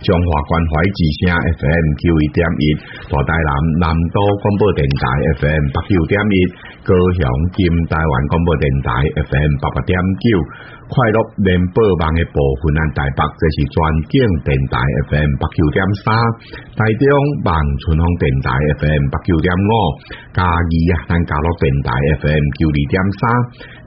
中華關懷之聲 F M 九二點一，台南南都廣播電台 F M 八九點一，高雄金台灣廣播電台 F M 八八點九，快樂聯播網嘅部分啊，台北這是全景電台 F M 八九點三，台中網春風電台 F M 八九點五，嘉義啊，咱嘉樂電台 F M 九二點三。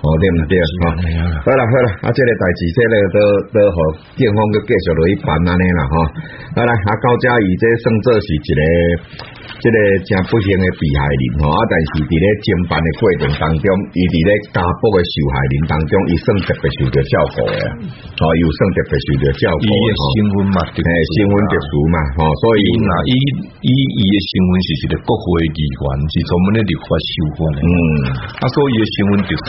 好對啦，對，對？啊，啊！好啦，好啦，啊，即係代誌個都都學健康都繼續落去辦安尼啦，吓、哦！好啦，啊，高嘉宇，即係生這算作是一個，即、這個正不幸嘅被害人吓！啊、哦，但是喺呢偵辦嘅過程當中，伊及喺家暴嘅受害人當中，伊算特別受著照顧嘅，哦，有算特別受嘅照顧，哦，一新聞嘛，誒，新聞特殊嘛，哦，所以，依伊依嘅新聞是係個國會機關，是專門啲立法修法。嗯，啊，所以嘅新聞特殊。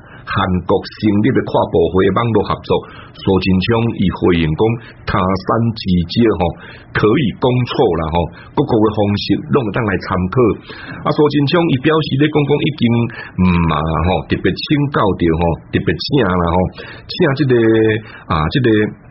韓國成立的跨部會的網絡合作，蘇貞昌亦回應講，他山之石嗬可以攻錯啦，嗬各個方式攏會當來參考。阿蘇貞昌亦表示咧，講講已經唔麻嗬，特別請教調嗬，特別請啦嗬，請下即個啊，即個。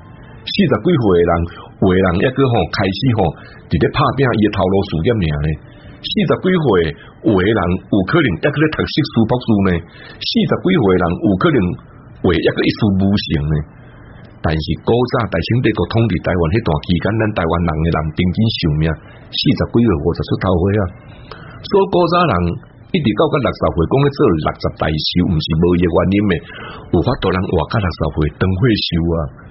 四十幾歲誒人，誒人抑個吼，開始吼，佇咧拍拼伊誒頭路事業命咧。四十幾歲，誒人有可能抑個咧讀碩士博士咧。四十幾歲人，有可能為一個一術無形咧。但是古早大清帝國統治台灣迄段期間，咱台灣人誒人平均壽命四十幾歲五十出頭歲啊。所以古早人一直到甲六十歲，講嘅做六十大壽，毋是無伊個原因誒，有法度人活甲六十歲當歲壽啊。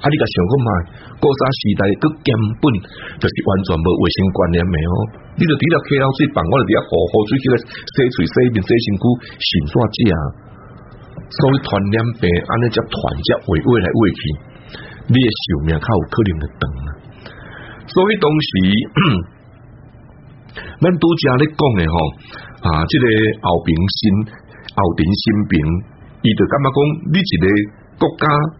啊、你甲想看賣古早時代，佢根本就是完全無衛生觀念嘅哦。你就除了 K 老水棒，我哋比較好好追求嘅洗喙、洗面、洗身軀、洗刷劑啊。所謂傳染病，安尼才團結為未來為去。你嘅壽命較有可能會長啊。所以當時，咱拄則咧講嘅吼啊，即、這個後病新、后炳新病，伊就感覺講，你一個國家。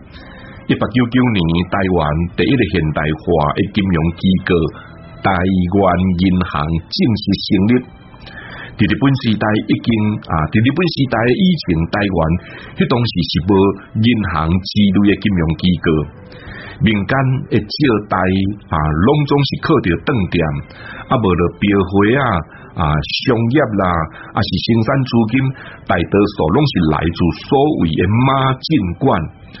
一八九九年，台灣第一個現代化嘅金融機構——台灣銀行正式成立。佇日本時代已經啊，佇日本時代以前，台灣迄當時是無銀行之類嘅金融機構，民間嘅借貸啊，攏總是靠着當店，啊無著標會啊，啊商業啦、啊，啊是生產資金，大多數攏是來自所謂嘅媽進館。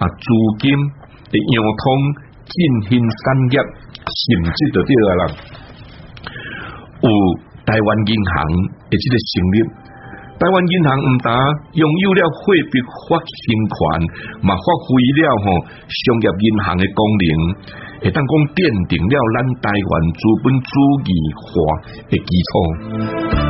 啊，資金、流通、振興、商業、銜接的對了啦。有台灣銀行，也即個成立。台灣銀行唔僅擁有了貨幣發行權，嘛發揮了商業銀行嘅功能，係等講奠定了咱台灣資本主義化嘅基礎。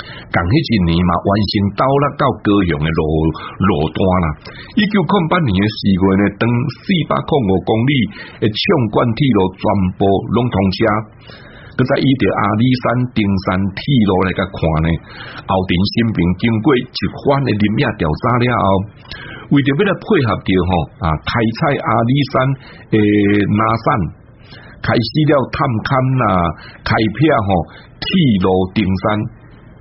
共呢次你嘛完成兜甩到各樣嘅路路段啦，一九九八年嘅四月呢，等四百零五公里嘅縱貫鐵路全部攏通車，咁在依條阿里山登山鐵路嚟甲看呢，敖點先兵經過一番嘅林業調查了後，為咗要嚟配合到嗬啊，開採阿里山誒南山，開始了探勘啦，開闢嗬鐵路登山。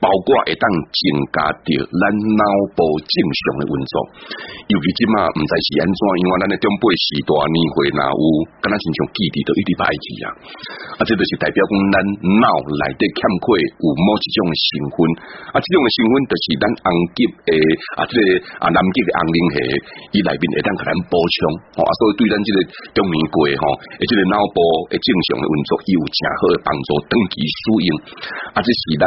包括會當增加到咱腦部正常嘅運作，尤其今嘛毋知是安怎，因為咱嘅中輩時代年會若有，敢若親像記憶力都一直歹去啊！啊，這著是代表講咱腦內底欠缺有某一種嘅成分，啊，這種嘅成分著是咱氨基誒，啊，這個啊，氨基嘅氨基係伊內面會當甲咱補充，啊，所以對咱這個中年過吼，這個腦部誒正常嘅運作伊有正好嘅幫助，長期使用啊，這是咱。